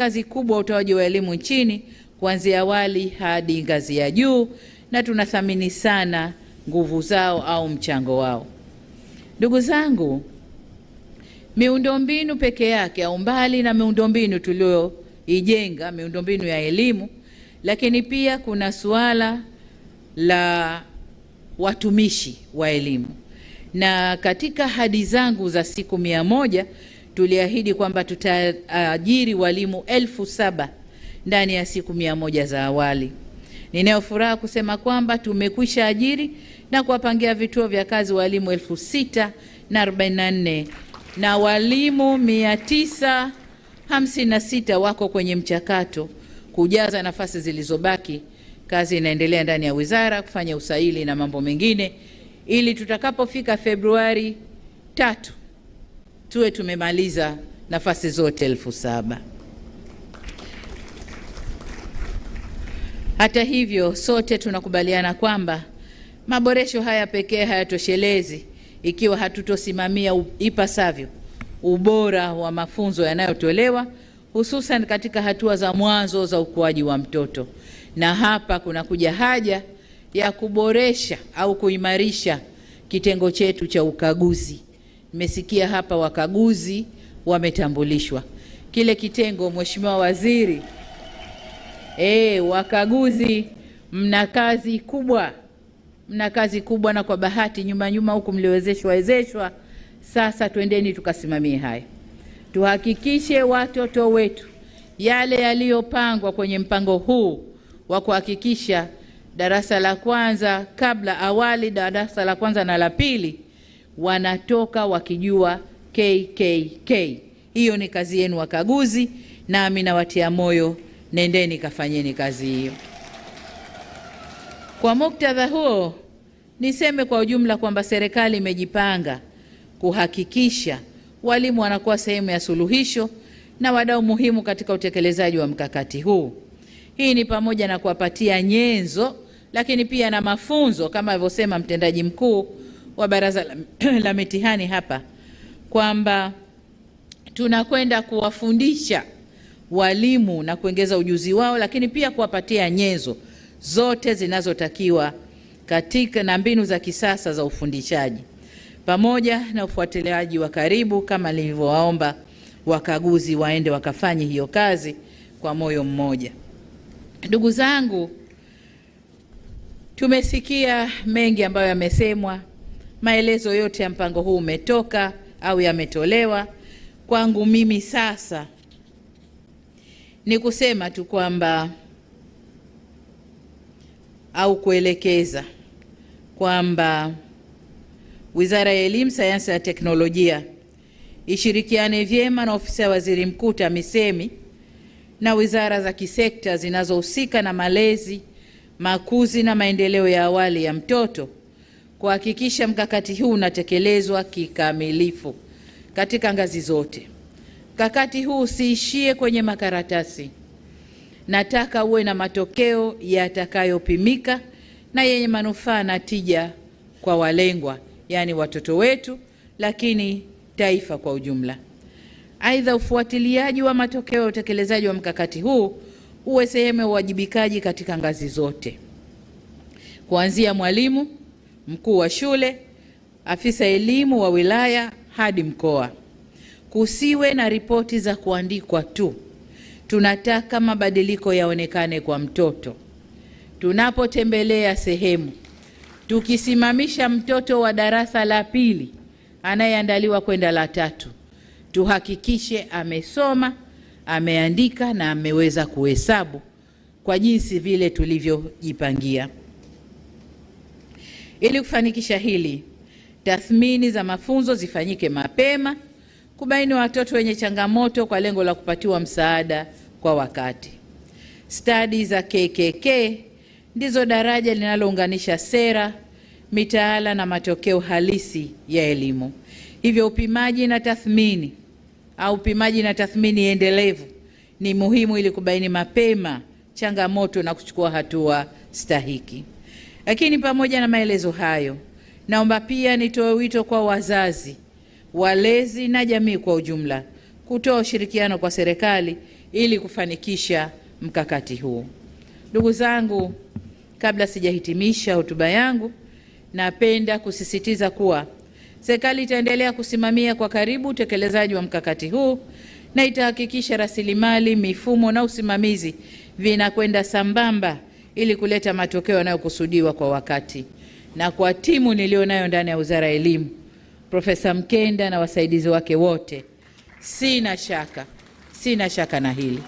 kazi kubwa utoaji wa elimu nchini kuanzia awali hadi ngazi ya juu, na tunathamini sana nguvu zao au mchango wao. Ndugu zangu, miundombinu peke yake au mbali na miundombinu tuliyoijenga, miundombinu ya elimu, lakini pia kuna suala la watumishi wa elimu, na katika hadi zangu za siku mia moja tuliahidi kwamba tutaajiri walimu elfu saba ndani ya siku mia moja za awali. Ninayo furaha kusema kwamba tumekwisha ajiri na kuwapangia vituo vya kazi walimu elfu sita na arobaini na nne na walimu mia tisa hamsini na sita wako kwenye mchakato kujaza nafasi zilizobaki. Kazi inaendelea ndani ya wizara kufanya usaili na mambo mengine, ili tutakapofika Februari tatu tuwe tumemaliza nafasi zote elfu saba. Hata hivyo, sote tunakubaliana kwamba maboresho haya pekee hayatoshelezi ikiwa hatutosimamia ipasavyo ubora wa mafunzo yanayotolewa hususan katika hatua za mwanzo za ukuaji wa mtoto, na hapa kuna kuja haja ya kuboresha au kuimarisha kitengo chetu cha ukaguzi. Mmesikia hapa wakaguzi wametambulishwa, kile kitengo. Mheshimiwa Waziri, e, wakaguzi mna kazi kubwa, mna kazi kubwa, na kwa bahati nyuma nyuma huku mliwezeshwa wezeshwa. Sasa twendeni tukasimamie haya, tuhakikishe watoto wetu yale yaliyopangwa kwenye mpango huu wa kuhakikisha darasa la kwanza kabla awali, darasa la kwanza na la pili wanatoka wakijua KKK. Hiyo ni kazi yenu wakaguzi, nami nawatia moyo, nendeni kafanyeni kazi hiyo. Kwa muktadha huo, niseme kwa ujumla kwamba serikali imejipanga kuhakikisha walimu wanakuwa sehemu ya suluhisho na wadau muhimu katika utekelezaji wa mkakati huu. Hii ni pamoja na kuwapatia nyenzo, lakini pia na mafunzo kama alivyosema mtendaji mkuu wa baraza la, la mitihani hapa kwamba tunakwenda kuwafundisha walimu na kuongeza ujuzi wao, lakini pia kuwapatia nyenzo zote zinazotakiwa katika na mbinu za kisasa za ufundishaji pamoja na ufuatiliaji wa karibu kama nilivyowaomba wakaguzi waende wakafanye hiyo kazi kwa moyo mmoja. Ndugu zangu, tumesikia mengi ambayo yamesemwa Maelezo yote ya mpango huu umetoka au yametolewa. Kwangu mimi sasa ni kusema tu kwamba au kuelekeza kwamba Wizara ya Elimu, Sayansi na Teknolojia ishirikiane vyema na ofisi ya Waziri Mkuu TAMISEMI na wizara za kisekta zinazohusika na malezi, makuzi na maendeleo ya awali ya mtoto kuhakikisha mkakati huu unatekelezwa kikamilifu katika ngazi zote. Mkakati huu usiishie kwenye makaratasi. Nataka uwe na matokeo yatakayopimika na yenye manufaa na tija kwa walengwa, yaani watoto wetu, lakini taifa kwa ujumla. Aidha, ufuatiliaji wa matokeo ya utekelezaji wa mkakati huu uwe sehemu ya uwajibikaji katika ngazi zote, kuanzia mwalimu mkuu wa shule, afisa elimu wa wilaya hadi mkoa. Kusiwe na ripoti za kuandikwa tu, tunataka mabadiliko yaonekane kwa mtoto. Tunapotembelea sehemu, tukisimamisha mtoto wa darasa la pili anayeandaliwa kwenda la tatu, tuhakikishe amesoma, ameandika na ameweza kuhesabu kwa jinsi vile tulivyojipangia. Ili kufanikisha hili, tathmini za mafunzo zifanyike mapema kubaini watoto wenye changamoto kwa lengo la kupatiwa msaada kwa wakati. Stadi za KKK ndizo daraja linalounganisha sera, mitaala na matokeo halisi ya elimu. Hivyo upimaji na tathmini au upimaji na tathmini endelevu ni muhimu ili kubaini mapema changamoto na kuchukua hatua stahiki. Lakini pamoja na maelezo hayo, naomba pia nitoe wito kwa wazazi, walezi na jamii kwa ujumla kutoa ushirikiano kwa serikali ili kufanikisha mkakati huu. Ndugu zangu, kabla sijahitimisha hotuba yangu, napenda kusisitiza kuwa serikali itaendelea kusimamia kwa karibu utekelezaji wa mkakati huu na itahakikisha rasilimali, mifumo na usimamizi vinakwenda sambamba ili kuleta matokeo yanayokusudiwa kwa wakati. Na kwa timu niliyonayo ndani ya Wizara ya Elimu, Profesa Mkenda na wasaidizi wake wote, sina shaka, sina shaka na hili.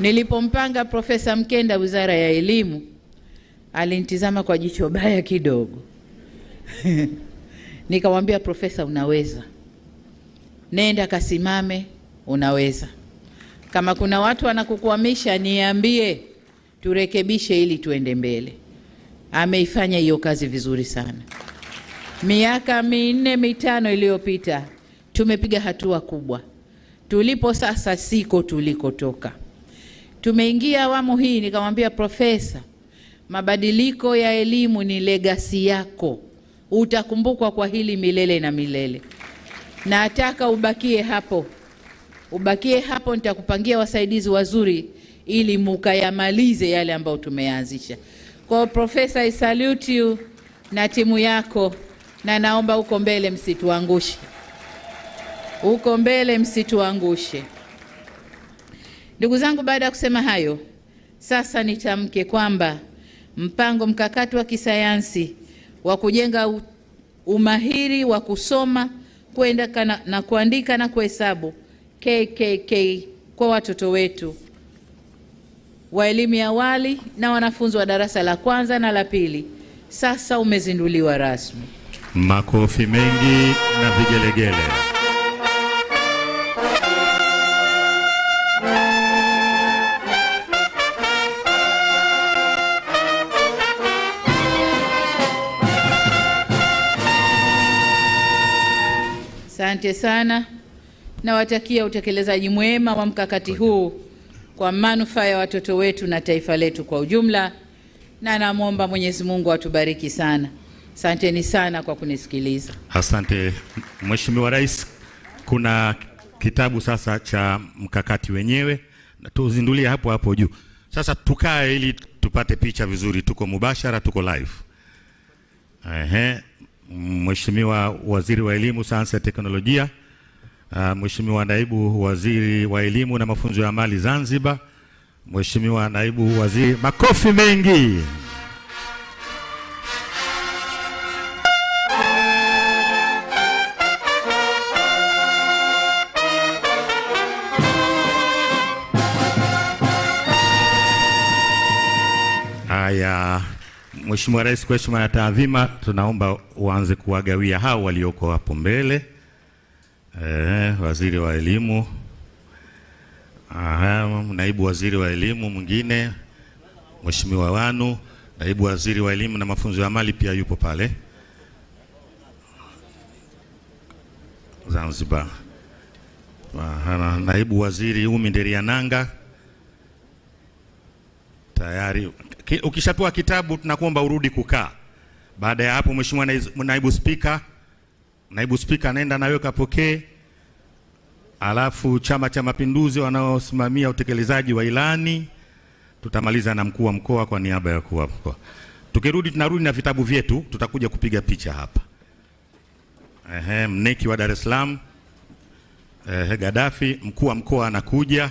Nilipompanga Profesa Mkenda Wizara ya Elimu, alinitizama kwa jicho baya kidogo nikamwambia, Profesa, unaweza nenda kasimame, unaweza. Kama kuna watu wanakukwamisha niambie, turekebishe ili tuende mbele. Ameifanya hiyo kazi vizuri sana. Miaka minne mitano iliyopita tumepiga hatua kubwa. Tulipo sasa siko tulikotoka. Tumeingia awamu hii, nikamwambia Profesa, mabadiliko ya elimu ni legasi yako, utakumbukwa kwa hili milele na milele. Nataka ubakie hapo, ubakie hapo. Nitakupangia wasaidizi wazuri ili mukayamalize yale ambayo tumeyaanzisha. Kwa Profesa, I salute you na timu yako, na naomba huko mbele msituangushe, huko mbele msituangushe. Ndugu zangu, baada ya kusema hayo, sasa nitamke kwamba mpango mkakati wa kisayansi wa kujenga umahiri wa kusoma kwenda na kuandika na kuhesabu KKK kwa watoto wetu wa elimu ya awali na wanafunzi wa darasa la kwanza na la pili sasa umezinduliwa rasmi. Makofi mengi na vigelegele. Asante sana. Nawatakia utekelezaji mwema wa mkakati huu kwa manufaa ya watoto wetu na taifa letu kwa ujumla, na namwomba Mwenyezi Mungu atubariki sana. Asanteni sana kwa kunisikiliza. Asante Mheshimiwa Rais, kuna kitabu sasa cha mkakati wenyewe, tuzindulie hapo hapo juu. Sasa tukae ili tupate picha vizuri, tuko mubashara, tuko live. Ehe, Mheshimiwa Waziri wa Elimu, Sayansi na Teknolojia Ah, Mheshimiwa Naibu Waziri wa Elimu na Mafunzo ya Mali Zanzibar, Mheshimiwa Naibu Waziri, makofi mengi. Haya, Mheshimiwa Rais, kwa heshima na taadhima, tunaomba uanze kuwagawia hao walioko hapo mbele. Eh, waziri wa elimu, naibu waziri wa elimu mwingine Mheshimiwa Wanu, naibu waziri wa elimu na mafunzo ya mali pia yupo pale Zanzibar. Aha, naibu waziri Umi nanga tayari. Ukishapewa kitabu tunakuomba urudi kukaa. Baada ya hapo, Mheshimiwa naibu spika Naibu Spika anaenda nawe kapokee, alafu Chama cha Mapinduzi wanaosimamia utekelezaji wa ilani tutamaliza na mkuu wa mkoa kwa niaba ya mkuu wa mkoa. Tukirudi tunarudi na vitabu vyetu, tutakuja kupiga picha hapa. Ehe, mneki wa Dar es Salaam ehe, Gaddafi, mkuu wa mkoa anakuja.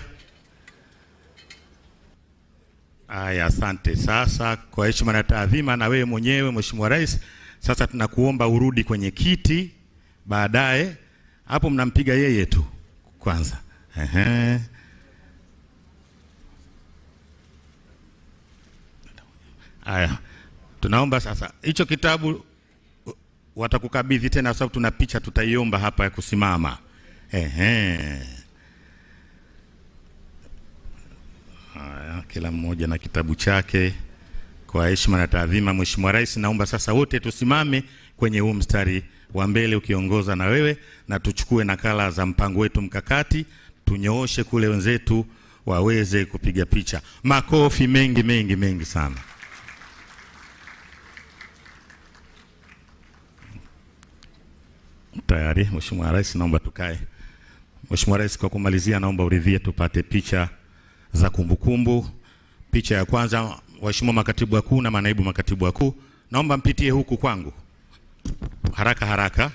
Aya, asante. Sasa kwa heshima na taadhima, na wewe mwenyewe Mheshimiwa Rais, sasa tunakuomba urudi kwenye kiti baadaye hapo mnampiga yeye tu kwanza. Ehe. Aya, tunaomba sasa hicho kitabu watakukabidhi tena, sababu tuna picha tutaiomba hapa ya kusimama. Ehe. Aya, kila mmoja na kitabu chake. Kwa heshima na taadhima, Mheshimiwa Rais, naomba sasa wote tusimame kwenye huu mstari wa mbele ukiongoza na wewe, na tuchukue nakala za mpango wetu mkakati tunyooshe kule, wenzetu waweze kupiga picha. Makofi mengi mengi mengi sana. Tayari Mheshimiwa Rais, naomba tukae. Mheshimiwa Rais, kwa kumalizia, naomba uridhie tupate picha za kumbukumbu kumbu. Picha ya kwanza, waheshimiwa makatibu wakuu na manaibu makatibu wakuu, naomba mpitie huku kwangu haraka haraka